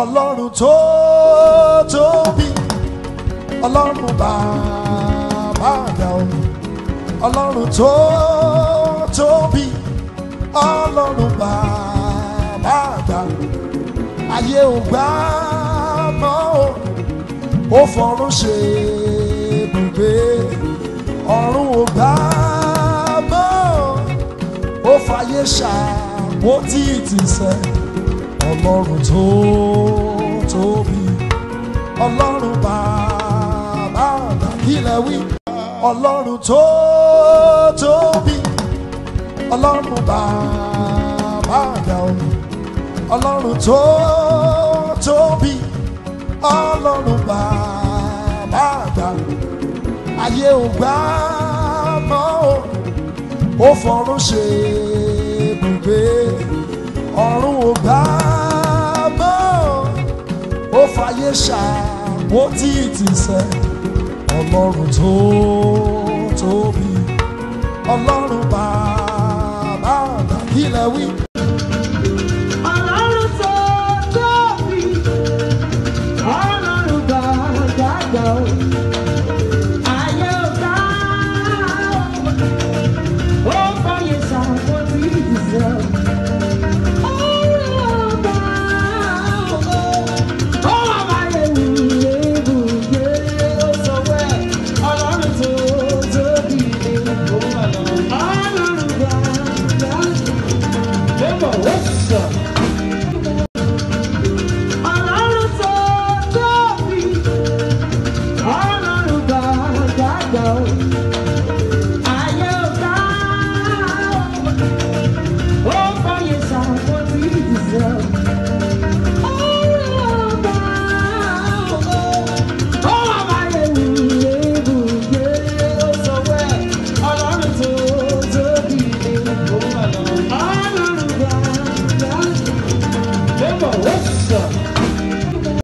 ọlọ́run tó tóbi ọlọ́run bàbá àgbà omi ọlọ́run tó tóbi ọlọ́run bàbá àgbà ayé ò gbà mọ́ o ó fọ̀run ṣe ibùgbé ọ̀run ò gbà mọ́ o ó fàyè ṣàpótí ìtìsẹ̀ ọlọ́run tó tóbi ọlọ́run bàbá ọ̀la kílẹ̀ wí ọlọ́run tó tóbi ọlọ́run bàbá ọ̀la omi ọlọ́run tó tóbi ọlọ́run bàbá ọ̀la ayé ò mọ́ o ò fọ̀run ṣe ayé ṣàwó tí ti sẹ́ ọlọ́run tó tóbi ọlọ́run bàbá àgbà wí.